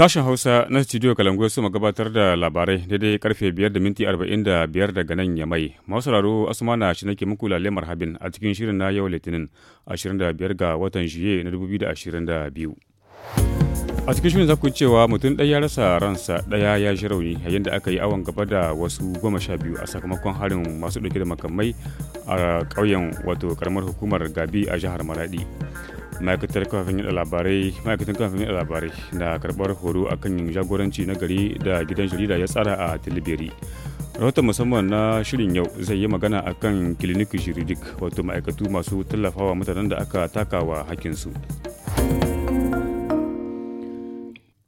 Sashen Hausa na Studio Kalangoyo su gabatar da labarai daidai karfe 5 da minti 45 daga nan ya mai. Masauraro Asmana shi nake muku lalle habin a cikin shirin na yau Litinin 25 ga watan Juye na 2022. A cikin shirin za cewa mutum ɗaya ya rasa ransa ɗaya ya ji rauni yayin da aka yi awon gaba da wasu goma sha biyu a sakamakon harin masu ɗauke da makamai a ƙauyen wato ƙaramar hukumar Gabi a jihar Maradi. ma'aikatar kafin yada labarai kafin yada labarai na karbar horo akan jagoranci na gari da gidan jarida ya tsara a tilibiri rahoton musamman na shirin yau zai yi magana a kan kilinik juridik wato ma'aikatu masu tallafawa mutanen da aka takawa su.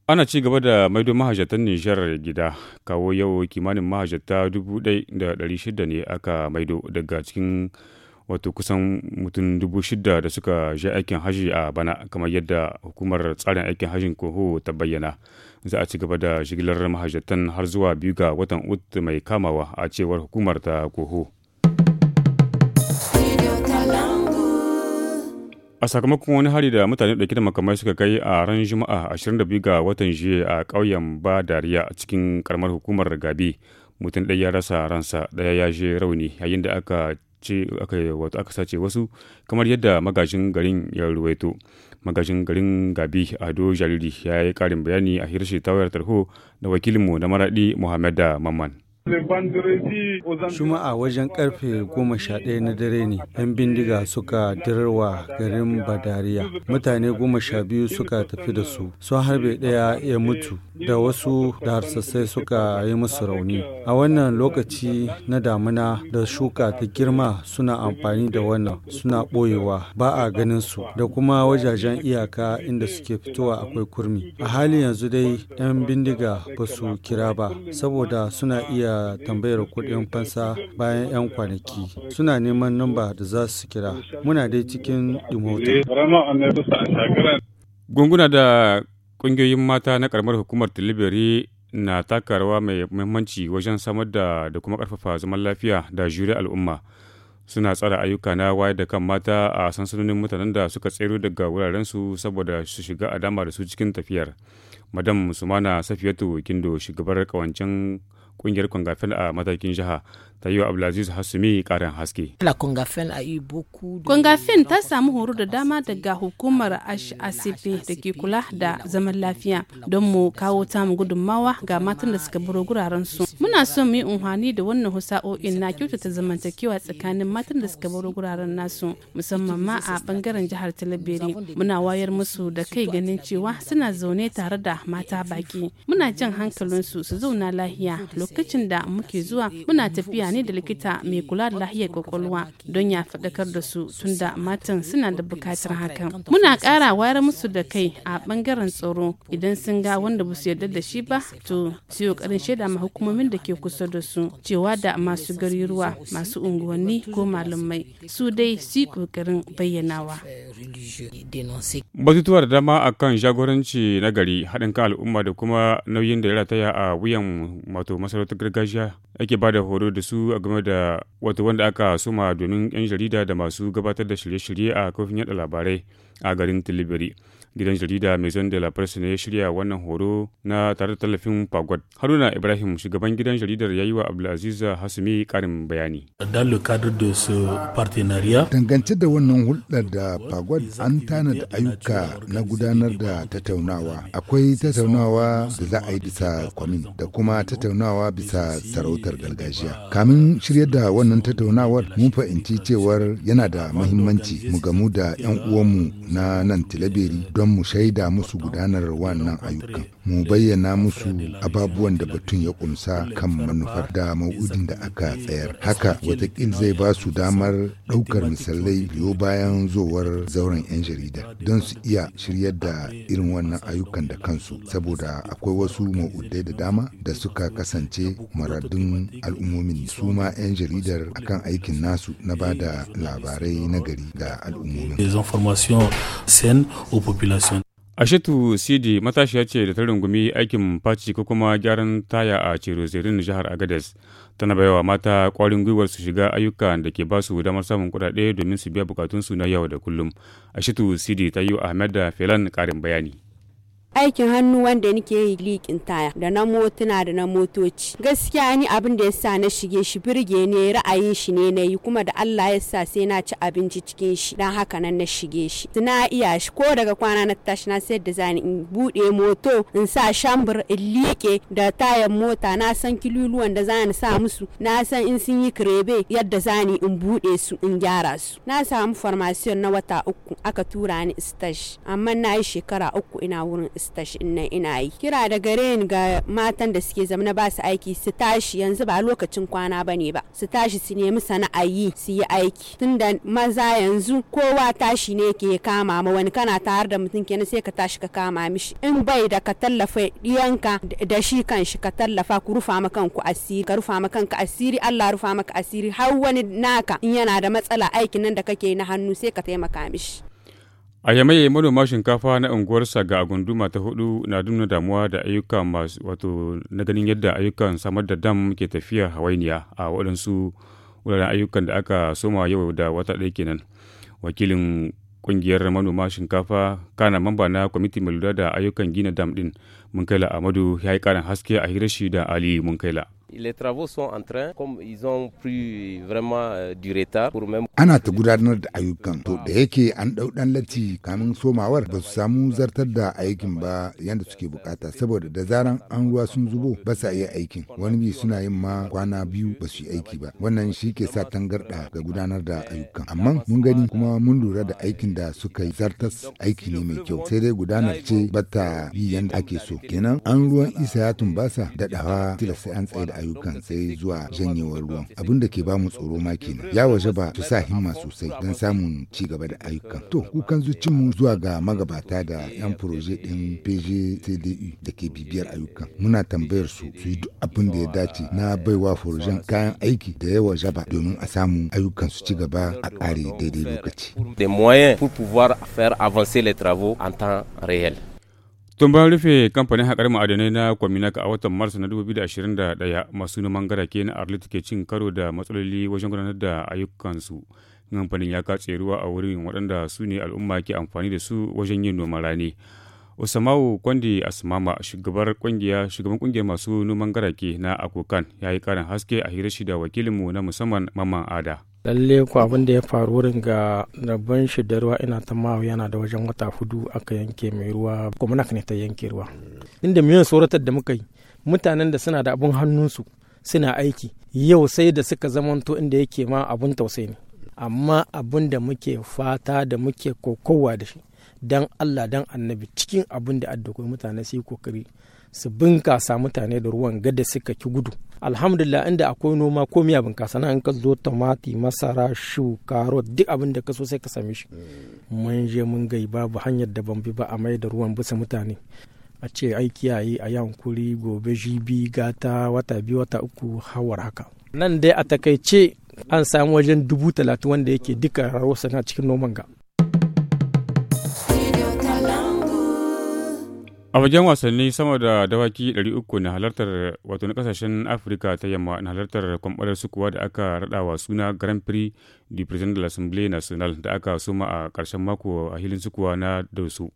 ana ci gaba da maido mahajjatan nijar gida kawo yau kimanin mahajjata 1,600 ne aka maido daga cikin wato kusan mutum dubu shida da suka je aikin hajji a bana kamar yadda hukumar tsarin aikin hajin koho ta bayyana za a ci gaba da shigilar mahajjatan har zuwa biyu ga watan ut mai kamawa a cewar hukumar ta koho a sakamakon wani hari da mutane dauke da makamai suka kai a ran juma'a 22 ga watan jiya a ƙauyen ba a cikin karamar hukumar gabi mutum ɗaya ya rasa ransa ɗaya ya je rauni yayin da aka ce aka sace wasu kamar yadda magajin garin ya ruwaito magajin garin gabi ado jariri ya yi karin bayani a hirshe tawayar tarho da wakilinmu na maradi muhammad mamman Juma'a wajen karfe goma sha ɗaya na dare ne, 'yan bindiga suka dirarwa garin Badariya. Mutane goma sha biyu suka tafi da su, sun harbe ɗaya ya mutu, da wasu da harsassai suka yi musu rauni. A wannan lokaci na damuna da shuka ta girma suna amfani da wannan suna ɓoyewa ba a ganin su da kuma wajajen iyaka inda suke fitowa akwai kurmi. A hali yanzu dai 'yan bindiga ba su kira ba, saboda suna iya da tambayar kuɗin fansa bayan 'yan kwanaki suna neman namba da za su kira muna dai cikin dimoto gunguna da ƙungiyoyin mata na ƙaramar hukumar tilibiri na taka rawa mai muhimmanci wajen samar da da kuma ƙarfafa zaman lafiya da juri al'umma suna tsara ayyuka na wayar da kan mata a sansanonin mutanen da suka tsero daga wurarensu saboda su shiga adama da su cikin tafiyar madam musumana safiyatu kindo shugabar kawancen kungiyar kwangafil a matakin jiha ta yi wa Abdulaziz Hasumi karin haske. Kongafin ta samu horo da dama daga hukumar HACP ah, da ke kula da zaman lafiya don mu kawo tamu gudunmawa ga matan da suka buro guraren su. Muna so mu yi unhani da wannan husa'o'in na kyautata zamantakewa tsakanin matan da suka buro guraren nasu musamman ma a bangaren jihar Talabere. Muna wayar musu da kai ganin cewa suna zaune tare da mata baki. Muna jan hankalinsu su zauna lahiya lokacin da muke zuwa muna tafiya tunani da likita mai kula da lahiyar kwakwalwa don ya faɗakar da su tun da matan suna da bukatar hakan muna ƙara wayar musu da kai a bangaren tsaro idan sun ga wanda ba su yarda da shi ba to su yi ƙarin shaida ma hukumomin da ke kusa da su cewa da masu gariruwa masu unguwanni ko malamai su dai su yi ƙoƙarin bayyanawa batutuwa da dama akan jagoranci na gari haɗin kan al'umma da kuma nauyin da ya rataya a wuyan wato masarautar gargajiya ake ba da horo da su a game da wata wanda aka suma domin 'yan jarida da masu gabatar da shirye-shirye a kafin yada labarai a garin tilibiri gidan jarida mai de la presse ne ya shirya wannan horo na tare da tallafin fagwad haruna ibrahim shugaban gidan jaridar ya yi wa abdulaziza hasumi karin bayani dangance da wannan hulɗar da fagwad an tana da ayyuka na gudanar da tattaunawa akwai tattaunawa da za a yi bisa kwamin da kuma tattaunawa bisa sarautar gargajiya kamin shirya da wannan tattaunawar mun fahimci cewar yana da muhimmanci mu gamu da 'yan uwanmu na nan tilaberi don mu shaida musu gudanar wannan ayyukan mu bayyana musu ababuwan da batun ya kunsa kan manufar da ma'udin da aka tsayar haka watakil zai ba su damar ɗaukar misalai biyo bayan zowar zauren 'yan jarida don su iya shiryar da irin wannan ayyukan da kansu saboda akwai wasu ma'udai da dama da suka kasance maradun al'ummomin su ma 'yan jaridar akan aikin nasu na ba da labarai na gari ga al'ummomin a Ashatu Sidi matashiya ce da ta rungumi aikin faci ko kuma gyaran taya a Cirozerin jihar Agadez. Tana baiwa mata ƙwarin gwiwar su shiga ayyuka da ke ba su damar samun kuɗaɗe domin su biya bukatunsu na yau da kullum. Ashatu Sidi ta yi wa Ahmed da Felan ƙarin bayani. aikin hannu wanda nake yi likin taya da na motuna da na motoci gaskiya ni abin da yasa na shige shi birge ne ra'ayin shi ne na yi kuma da Allah ya sa sai na ci abinci cikin shi dan haka nan na shige shi na iya shi ko daga kwana na tashi na sayar da zani in bude moto in sa shambur in liƙe da tayan mota na san kiluluwan da zani sa musu na san in sun yi kirebe yadda zani in bude su in gyara su na samu farmasiyon na wata uku aka tura ni stash amma na yi shekara uku ina wurin stash in nan ina yi kira da gare ni ga matan da suke zamana ba su aiki su tashi yanzu ba lokacin kwana bane ba su tashi su nemi sana'a su yi aiki tunda maza yanzu kowa tashi ne ke kama ma wani kana tare da mutum kenan sai ka tashi ka kama mishi in bai da ka tallafa diyanka da shi kanshi ka tallafa ku rufa ma kanku asiri ka rufa ma kanka asiri Allah rufa maka asiri har wani naka in yana da matsala aikin nan da kake na hannu sai ka taimaka mishi A Yamai manoma shinkafa na unguwarsa ga gunduma ta hudu na nuna damuwa da ayyuka masu wato na ganin yadda ayyukan samar da dam ke tafiya hawainiya a waɗansu wuraren ayyukan da aka soma yau da wata ɗaya kenan. Wakilin ƙungiyar manoma shinkafa kana mamba na kwamiti mai lura da ayyukan gina dam ɗin Munkaila Amadu ya yi ƙarin haske a hirashi da Ali Munkaila. Les travaux sont en train, comme ils ont pris vraiment euh, du retard pour même. Ana ta gudanar da ayyukan to da yake an dau dan latti kamin somawar ba su samu zartar da aikin ba yanda suke bukata saboda da zaran an ruwa sun zubo ba sa iya aikin wani bi suna yin ma kwana biyu ba su yi aiki ba wannan shi ke sa tangarda ga gudanar da ayyukan amma mun gani kuma mun lura da aikin da suka yi zartas aiki ne mai kyau sai dai gudanar ce bata bi yanda ake so kenan an ruwan isa ya tumbasa daɗawa tilas an tsaye da ayyukan sai zuwa janyewar ruwan abin da ke ba mu tsoro ma kenan ya waje ba su sa himma sosai don samun ci gaba da ayyukan to kukan zucin mu zuwa ga magabata da yan proje din PGCDU da ke bibiyar ayyukan muna tambayar su su yi duk abin da ya dace na baiwa furojen kayan aiki da yawa jaba domin a samu ayyukan su ci gaba a ƙare daidai lokaci. Des moyens pour pouvoir faire avancer les travaux en temps réel. Tun bayan rufe kamfanin haƙar ma'adanai na Kwaminaka a watan mars na 2021 masu noman garake na Arlit ke cin karo da matsaloli wajen gudanar da ayyukansu. Kamfanin ya katse ruwa a wurin waɗanda su ne al'umma ke amfani da su wajen yin noman rani. Usamawu Kwandi Asmama shugabar kungiya shugaban kungiyar masu noman garake na Akokan ya yi karin haske a hirar shi da wakilinmu na musamman Maman Ada. lalle ku abin da ya faru wurin ga rabban shi da ruwa ina ta mawa yana da wajen wata hudu aka yanke mai ruwa gwamnati ne ta yanke ruwa inda miyan tsoratar da muka yi mutanen da suna da abin hannunsu suna aiki yau sai da suka zamanto inda yake ma abun tausayi ne amma abin da muke fata da muke kokowa da shi dan Allah dan annabi cikin abin da addakwai mutane su yi kokari su bunkasa mutane da ruwan gada suka ki gudu alhamdulillah inda akwai noma ko miya bunkasa na in ka zo tomati masara shu karot duk abin da ka so sai ka same shi mun je mun gai babu hanyar da ban bi ba a mai da ruwan bisa mutane a ce ai kiyaye a yankuri gobe jibi gata wata biyu wata uku hawar haka nan dai a takaice an samu wajen dubu talatin wanda yake duka rarwasa na cikin noman ga A wajen wasanni sama da dawaki 300 na halartar wato na kasashen Afirka ta yamma na halartar kwamfarar sukuwa da aka raɗa wa suna Grand Prix du Président de l'Assemblée Nationale da aka soma a ƙarshen mako a hilin sukuwa na Dosu.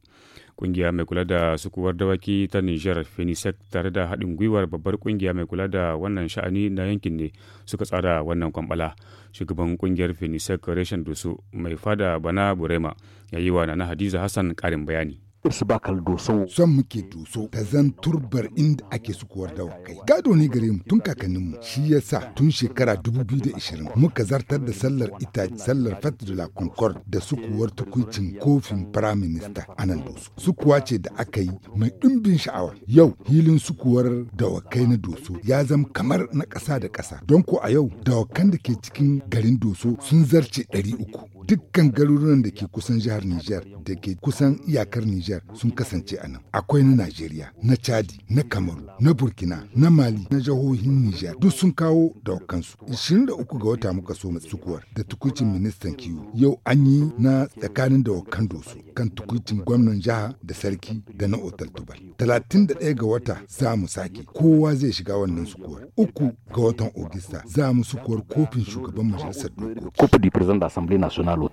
Kungiya mai kula da sukuwar dawaki ta Niger fenisek tare da haɗin gwiwar babbar kungiya mai kula da wannan sha'ani na yankin ne suka tsara wannan kwambala. Shugaban ƙungiyar Fenisec Reshen Dosu mai fada Bana Burema ya yi wa Nana Hadiza Hassan ƙarin bayani. su ba kal doso. Son muke doso ta zan turbar inda ake sukuwar dawakai. Gado ne gare mu tun kakanninmu shi ya sa tun shekara 2020 muka zartar da sallar itace sallar la Concord da sukuwar tukuncin kofin firaminista a nan doso. Sukuwa ce da aka yi mai ɗumbin sha'awa. Yau hilin sukuwar dawakai na doso ya zama kamar na ƙasa da ƙasa. Don ko a yau dawakan da ke cikin garin doso sun zarce ɗari uku. Dukkan garuruwan da ke kusan jihar Nijar da ke kusan iyakar Nijar Nijar sun kasance a nan. Akwai na Najeriya, na Chadi, na Kamaru, na Burkina, na Mali, na jihohin Nijar duk sun kawo daukansu. 23 ga wata muka so sukuwar da tukucin ministan kiwo. Yau an yi na tsakanin da wakan dosu kan tukucin gwamnan jiha da sarki da na otal tubal. 31 ga wata za mu sake kowa zai shiga wannan sukuwar. Uku ga watan Ogista za mu sukuwar kofin shugaban majalisar dokoki. Coupe du Assembly de l'Assemblée nationale au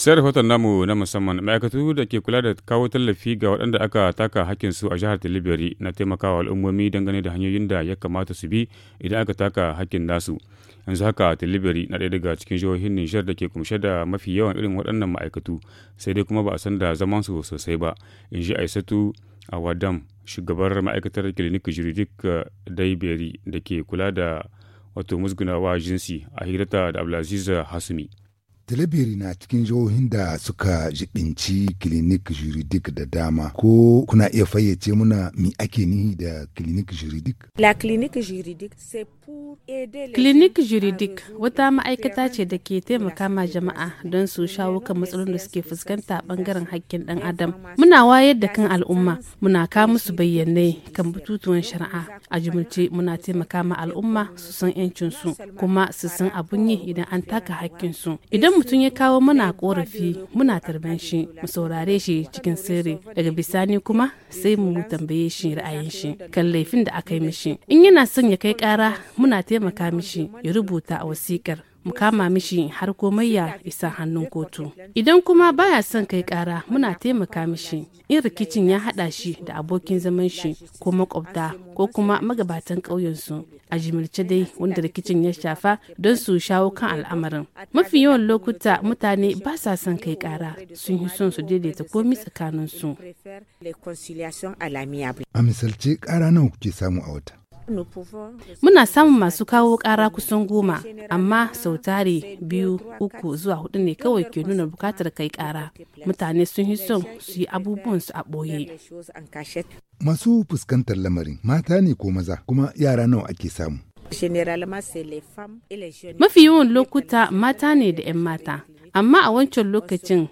sai rahoton namu na musamman ma'aikatu da ke kula da kawo tallafi ga waɗanda aka taka hakkin su a jihar tilibiri na taimakawa al'ummomi dangane da hanyoyin da ya kamata su bi idan aka taka hakkin nasu yanzu haka tilibiri na ɗaya daga cikin jihohin nijar da ke kumshe da mafi yawan irin waɗannan ma'aikatu sai dai kuma ba a san da zaman su sosai ba in ji aisatu wadam shugabar ma'aikatar clinic juridic daiberi da ke kula da wato musgunawa jinsi a hirata da abdulaziz hasumi Talabiri na cikin jihohin da suka jibinci clinic juridic da dama ko kuna iya fayyace muna mi ake nihi da clinic juridic? La clinic juridic pour aider Clinic wata ma'aikata ce da ke taimaka ma jama'a don su shawo kan matsalolin da suke fuskanta bangaren hakkin dan adam. Muna wayar da kan al'umma, muna ka musu bayyanai kan batutuwan shari'a. A jumulce muna taimaka ma al'umma su san 'yancin su kuma su san abun yi idan an taka hakkin su. Idan mutum ya kawo mana korafi muna tarban shi mu saurare shi cikin sirri daga bisani kuma sai mu tambaye shi ra'ayin shi kan laifin da aka yi mishi in yana son ya kai kara muna taimaka mishi ya rubuta a wasikar mu kama mishi har komai ya isa hannun kotu idan kuma baya son kai kara muna taimaka mishi in rikicin ya hada shi da abokin zaman shi ko makwabta ko kuma magabatan su a jimilce dai wanda rikicin ya shafa don su shawo kan al'amarin mafi yawan lokuta mutane ba sa son kai kara sun yi son su daidaita komi tsakaninsu a misalci kara nawa kuke samu a wata Muna samun masu kawo ƙara kusan goma, amma sau tare biyu, uku zuwa hudu ne kawai ke nuna bukatar kai ƙara. Mutane sun yi son su yi abubuwansu a ɓoye. Masu fuskantar lamarin mata ne ko maza kuma yara nawa ake samu. Mafi yawan lokuta mata ne da 'yan mata, amma a wancan lokacin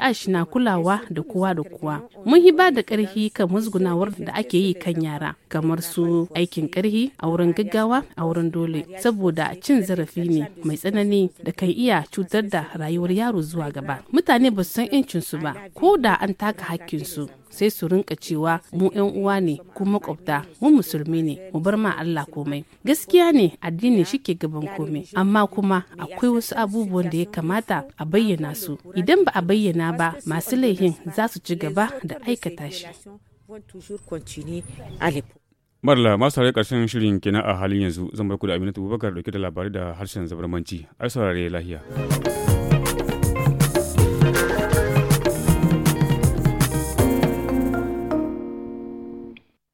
ash na kulawa da kowa da kowa mun hi ba da karhi kan musgunawar da ake yi kan yara kamar su aikin karhi a wurin gaggawa a wurin dole saboda cin zarafi ne mai tsanani da kan iya cutar da rayuwar yaro zuwa gaba mutane ba su san 'yancinsu ba ko da an taka hakkinsu sai su rinka cewa mu yan uwa ne ko makwabta mu musulmi ne mu bar ma Allah komai gaskiya ne addini shike gaban komai amma kuma akwai wasu abubuwan da ya kamata a bayyana su idan ba a bayyana ba masu laihin za su ci gaba da aikata shi Marla masu saurari karshen shirin kenan a halin yanzu zan bar ku da Aminatu Abubakar dauke da labarai da harshen zabarmanci ai saurare lahiya.